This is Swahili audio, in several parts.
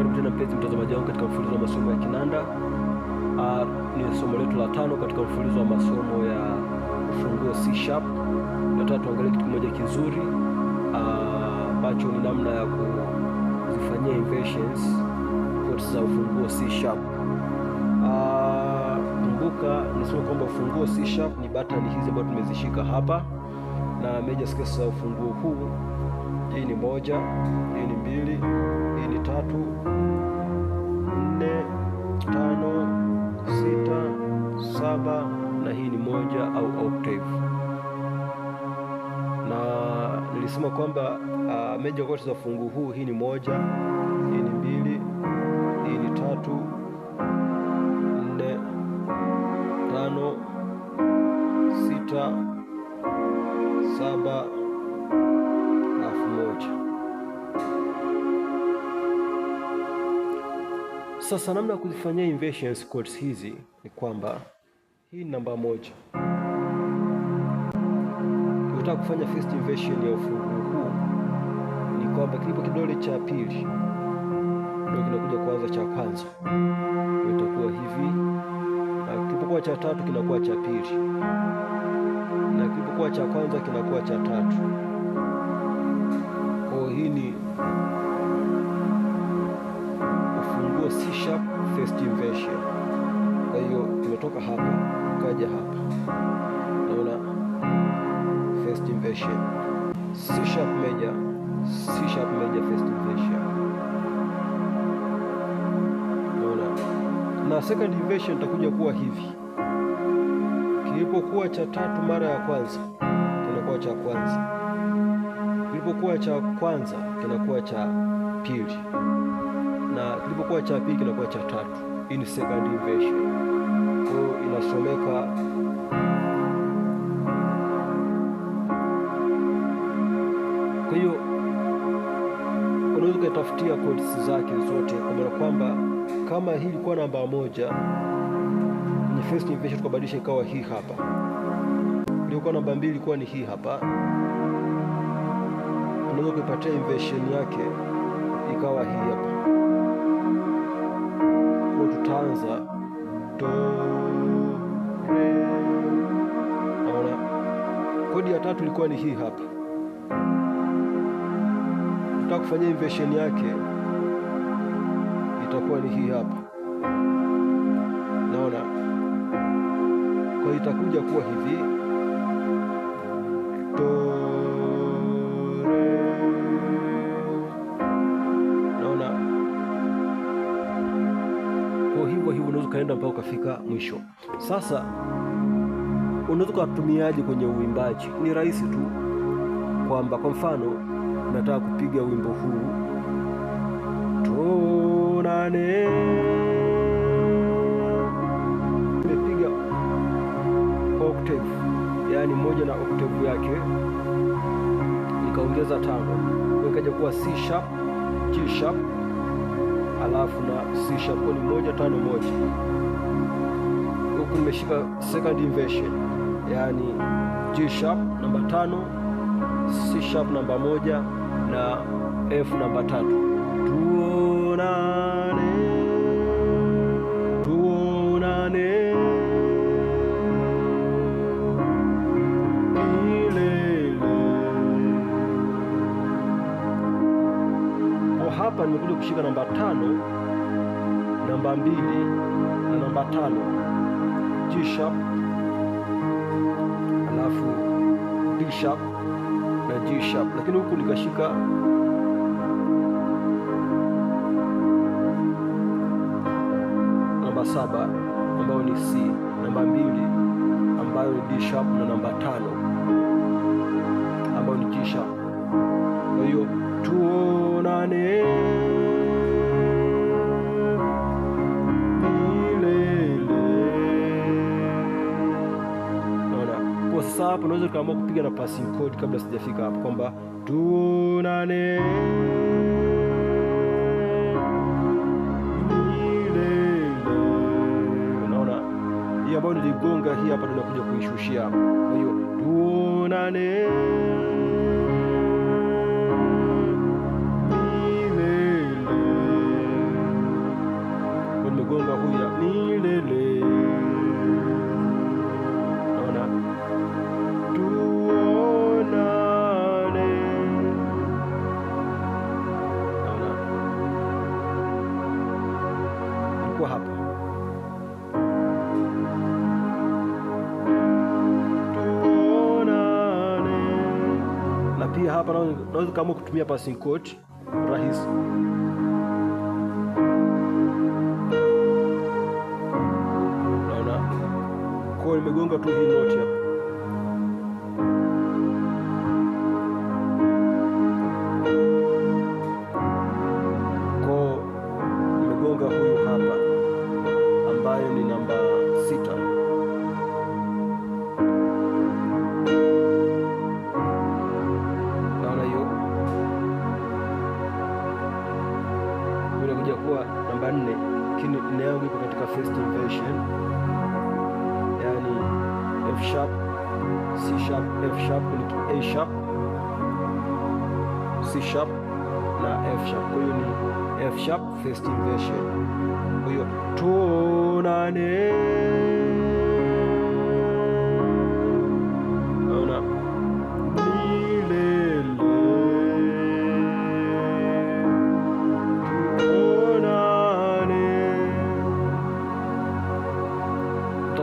Karibu tena mpenzi mtazamaji wangu katika mfululizo wa masomo ya kinanda. Uh, ni somo letu la tano katika mfululizo wa masomo ya ufunguo C sharp. Nataka tuangalie kitu kimoja kizuri ah, ambacho uh, ni namna ya kuzifanyia inversions chords za ufunguo C sharp. Uh, kumbuka nisema kwamba ufunguo C sharp ni button hizi ambazo tumezishika hapa na major scales za ufunguo huu hii ni moja, hii ni mbili, hii ni tatu, nne, tano, sita, saba na hii ni moja au octave. Na nilisema kwamba uh, ah, meja chords za fungu huu, hii ni moja Sasa namna ya kuzifanyia inversions chords hizi ni kwamba hii ni namba moja. Ukitaka kufanya first inversion ya ufunguo huu ni kwamba kilipo kidole cha pili ndio kinakuja kuanza cha kwanza, itakuwa hivi, na kilipokuwa cha tatu kinakuwa cha pili, na kilipokuwa cha kwanza kinakuwa cha tatu. festive fashion. Kwa hiyo tumetoka hapa tukaja hapa, naona festive fashion C sharp major, C sharp major festive fashion, naona na second inversion itakuja kuwa hivi kilipokuwa cha tatu mara ya kwanza kinakuwa cha kwanza, kilipokuwa cha kwanza kinakuwa cha pili na kilipokuwa cha pili kinakuwa cha tatu. Hii ni second inversion, kwa hiyo inasomeka kwa hiyo unaweza ukatafutia codes zake zote, kwa maana kwamba kama hii ilikuwa namba moja ni first inversion, tukabadilisha ikawa hii hapa. Ilikuwa namba mbili ilikuwa ni hii hapa, unaweza kuipatia inversion yake ikawa hii hapa kwanza do re. Naona kodi ya tatu ilikuwa ni hii hapa. Nataka kufanya inversion yake, itakuwa ni hii hapa. Naona kwa itakuja kuwa hivi ukaenda mpaka ukafika mwisho. Sasa unaweza ukatumiaje kwenye uimbaji? Ni rahisi tu kwamba kwa mfano nataka kupiga wimbo huu tonane nimepiga octave, yaani moja na octave yake, nikaongeza tano, ikaja kuwa C sharp, G sharp alafu na C sharp ni moja tano moja. Huku nimeshika second inversion, yaani G sharp namba tano, C sharp namba moja na F namba tatu. hapa nimekuja kushika namba tano, namba mbili na namba tano G sharp, alafu D sharp na G sharp, lakini huku nikashika namba saba ambayo ni C, namba mbili ambayo ni D sharp na namba tano ambayo ni G sharp. Kwa hiyo tuo munane kwa sasa hapo naweza tukaamua kupiga na passing code kabla sijafika hapo, kwamba tunane unaona, ambayo niligonga hii hapa tunakuja kuishushia hapo, kwa hiyo tunane hapa naweza kama kutumia passing chord rahisi. Naona kwa nimegonga tu hii note hapa. Isipokuwa namba nne, kina yangu ipo katika first inversion, yani F sharp, C sharp, F sharp, A sharp, C sharp na F sharp. Kwa hiyo ni F sharp first inversion. Kwa hiyo tunane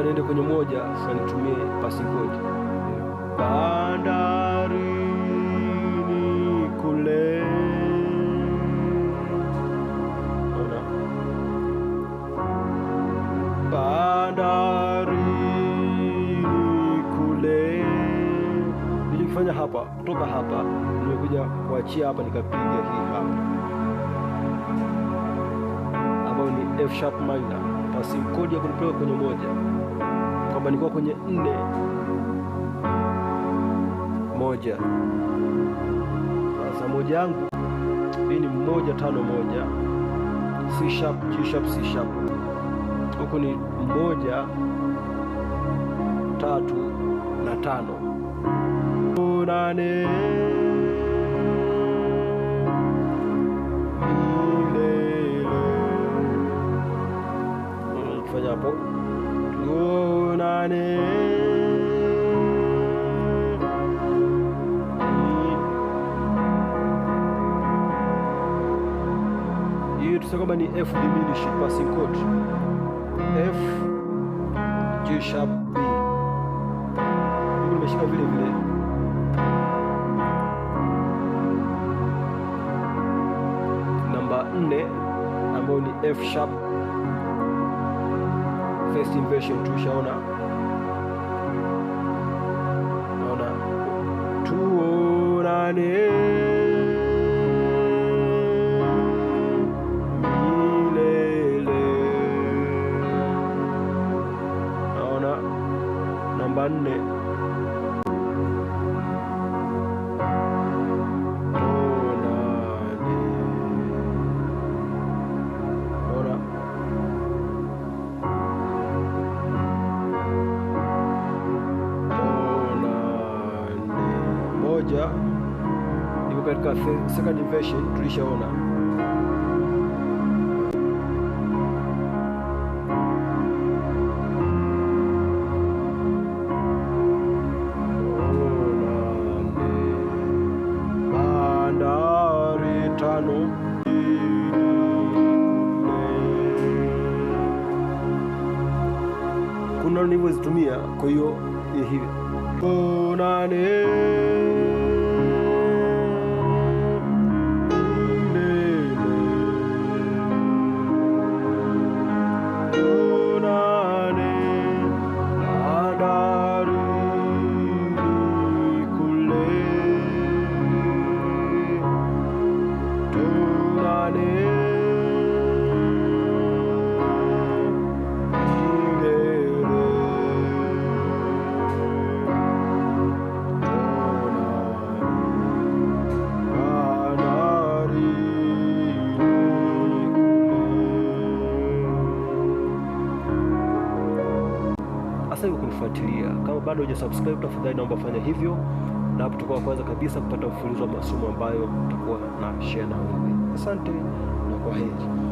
nataka niende kwenye moja, anitumie pasi kodi. Bandarini kule, ona kule. hapa, kutoka hapa nimekuja kuachia hapa, nikapiga hii hapa ambayo ni F sharp minor, pasi kodi ya kunipeleka kwenye moja kwamba nilikuwa kwenye nne moja. Sasa moja yangu hii ni mmoja tano moja, C sharp G sharp C sharp, huku ni mmoja tatu na tano unane hmm, kufanya hapo Bwana hiyo tusema kwamba ni F diminished passing chord. F G sharp B. Nimeshika vile vile namba 4 ambayo ni F sharp first inversion tushaona জানে katika second version tulishaona. Bandari tano kuna nilivyozitumia, kwa hiyo eh, hivi kuna nane kunifuatilia. Kama bado hujasubscribe, tafadhali naomba fanya hivyo, na hapo tutakuwa kwanza kabisa kupata mfululizo wa masomo ambayo tutakuwa na share na wewe. Asante na kwaheri.